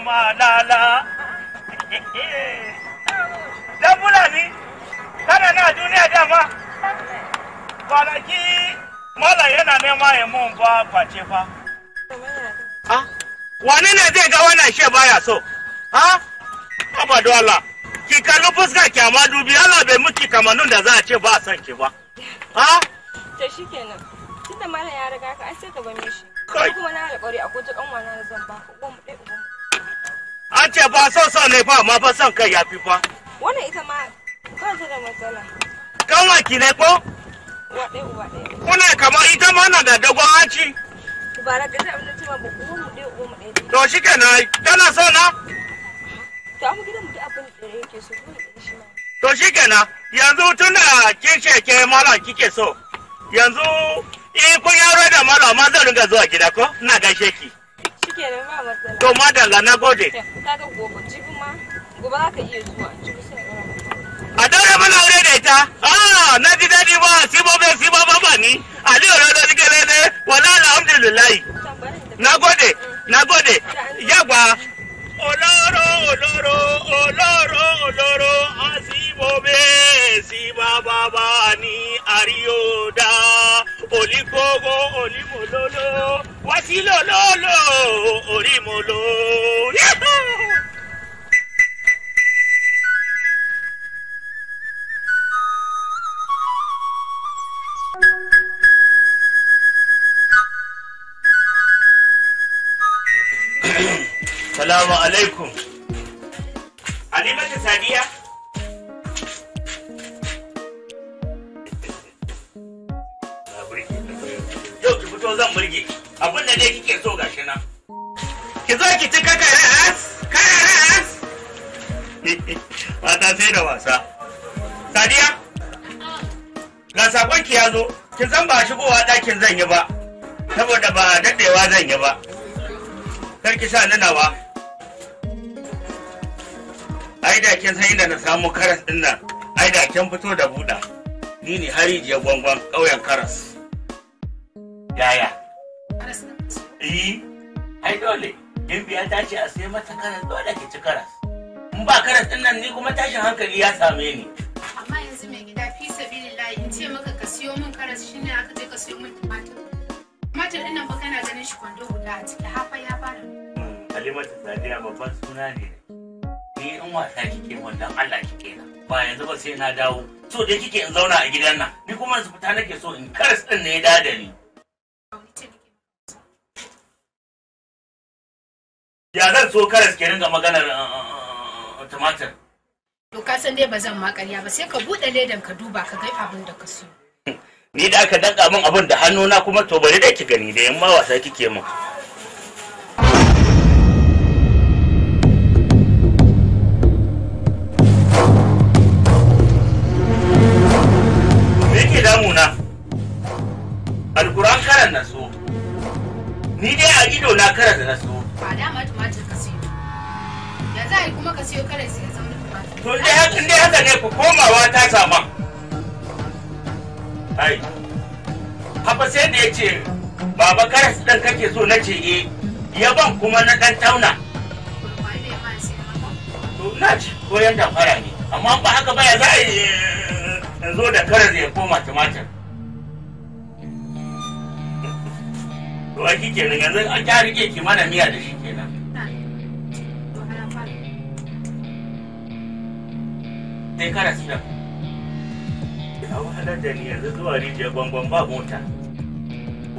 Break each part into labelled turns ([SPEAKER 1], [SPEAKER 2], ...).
[SPEAKER 1] malala dan fulani kana na duniya dama kwanaki mala yana nema ya mun ba face fa ah, wani ne zai ga wannan she baya so ah, ha ba Allah ki kalli fuska ki amma dubi Allah bai miki kamannin da za a ce ba a san ki ba ha ah? to shikenan tunda mala ya riga ka an sai ka bar mishi kuma na alƙawari a kotu kan wannan zan ba ko mu dai uban An ce ba son son ne ba ma ba son kai ya fi fa. Wannan ita ma ba ta da matsala. Kanwa ki ne ko? Waɗe uwa ɗaya. Kuna kamar ita ma na da dogon hanci. Ba na gaji abin da ce ma ba uwa mu ɗaya uwa mu ɗaya. To shi kenan tana so na? To amma gidan mu da abin da yake so dole ɗaya shi ma. To shi kenan yanzu tun da kin sheke mara kike so yanzu in kun yaro da mara ma zan ringa zuwa gida ko ina gaishe ki. shikenan ba matsala to madalla na gode ka ga ma gobe za ka iya zuwa jibi sai a daura mana aure da ita ah na ji daɗi ba sibo bai sibo ba ba ni ali orodo jikere ne wala alhamdulillahi na gode na gode yagba olóró Oloro, oloro, oloro, asi tí lò lò mo Salamu alaikum. Sadiya. Yau ki fito zan burge ki. abin da dai kike so gashi nan ki zo ki ci kaka ras mata sai da wasa sadiya ga sakon ki ya zo kin san ba shigowa ɗakin zan yi ba saboda ba daɗewa zan yi ba Kar ki sa nuna ba ai da kin san inda na samu karas din nan ai da kin fito da buɗa ni ne harijiyar gwangwan ƙauyen karas yaya eh ai dole girbi ya tashi a sai mata karas dole ki ci karas in ba karas din nan ni kuma tashin hankali ya same ni amma yanzu mai gida fi layi in ce maka ka siyo min karas shi ne aka je ka siyo min tumatir tumatir din nan ba kana ganin shi kwando guda a ciki hafa ya fara kalimatu hmm, sadiya babban suna ne ni in wasa kike mun dan Allah kike na ba yanzu ba sai na dawo so dai kike in zauna a gidan nan ni kuma su fita nake so in karas din ne ya dada ni ya zan so karas ke ringa maganar uh, uh, uh, tumatir to ka san dai ba zan ma ƙarya ba sai ka buɗe ledan ka duba ka ga abin da ka so ni da aka danka min abin da hannuna kuma to bari da ki gani da yamma wasa kike min me alkuran karan na so ni dai a ido na karanta na so Ba dama tumatir ka siyo. Ya za yi kuma ka siyo kare karas ya zama da tumatir. To in dai haka ne ku komawa ta sama. Ai, haka sai da ya ce baba karas ɗin kake so na ce eh, ya ban kuma na ɗan tauna. To na ce koyon damfara ne, amma ba haka ba ya za a yi eh, zo da karas ya koma tumatir. to shi kenan yanzu an kya rike ki mana miya da shi kenan dai kada su da a wahalar da ni yanzu zuwa rijiyar gwangwan ba mota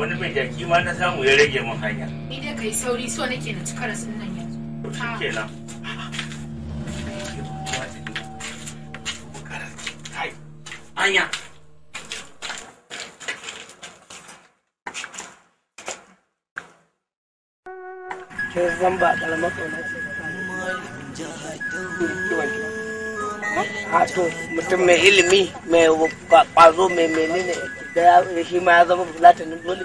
[SPEAKER 1] wani mai jaki ma na samu ya rage mun hanya ni dai kai sauri so nake na cika rasin nan yanzu to shi kenan anya kin zan ba karamar to mutum mai ilimi mai kwazo mai menene da ya shi ma ya zama bulatanin dole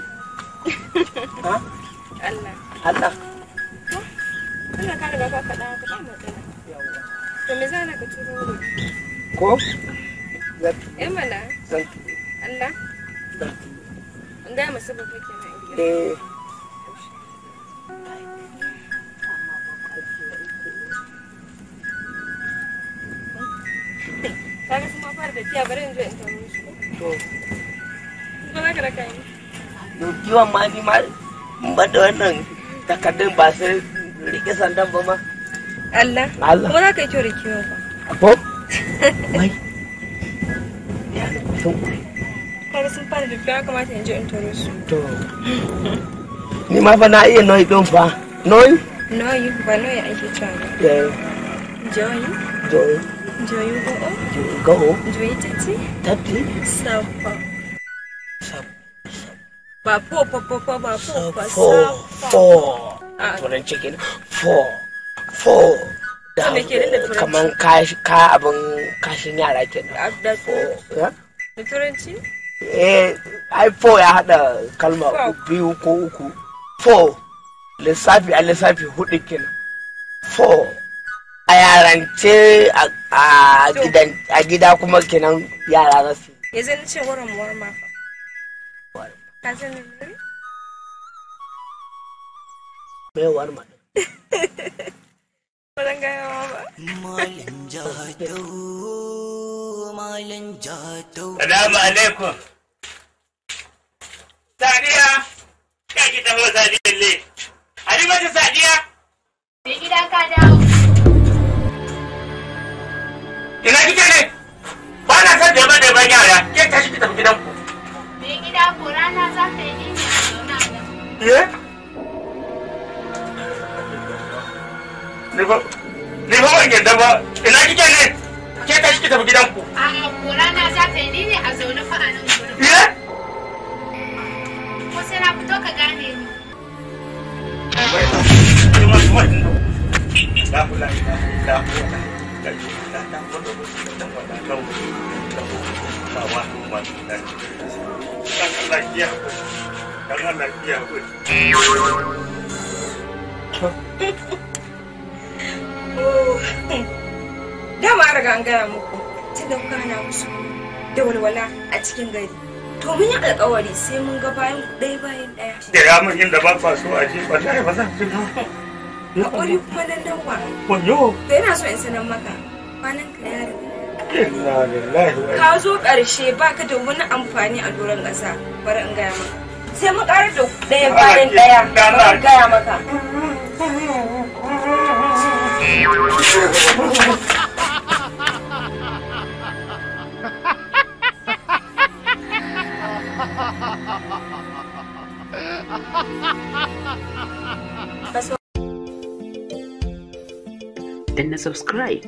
[SPEAKER 1] Allah Allah Allah ka riga ka faɗa ka matsala to me ka turo ko zan eh zan Allah zan ga masu babu kenan eh fara ma wannan takardun ba sai rike sandan ba ma Allah za ka yi kyau kiwon ba ko mai ya sun kuma sun fara kamata in je in to ni ma fa na iya noyi don fa noyi noyi ba noyi ake cewa ba joyi eh. joyi Njoyugo. Njoyugo. Njoyititi. Tapi. Sapa. Sapa. Ba po po po ba sapa. Four. Turan cikin four. Four. Da kaman kashi ka abin kashin yara kenan. Da four. Da ah, turanci? Eh, ai four ya haɗa. kalma biyu ko uku. Four. Lissafi a lissafi hudu kenan. Four. a yarance a gida kuma kenan yara za su yi zan ce Salamu alaikum. Sadiya, ka ki taho Sadiya Ali mata Sadiya. Me gida ka dawo. ina ya, kike mana saja na san ya? Kita ban yara iya? gitu, ya, iya? ke tashi ki tafi gidanku me gida ko rana za ta yi ne zauna eh ne ba ne ba ban yadda ba ina kike ne ke tashi ki tafi gidanku a'a ko rana za ta yi ne a zaune fa Dama riga an gaya muku tunda kuka na musu da walwala a cikin gari. To mun yi alkawari sai mun ga bayan ɗaya bayan ɗaya. Da ya mun inda ba so a ji wallahi ba za ku ji. Haƙuri kuma nan dan kwa. Wanyo. To yana so in sanar maka. kwananka ya ka zo ƙarshe baka da wani amfani a doron ƙasa bari in gaya maka sai mu ƙara da ɗaya bayan ɗaya bari in gaya maka Then subscribe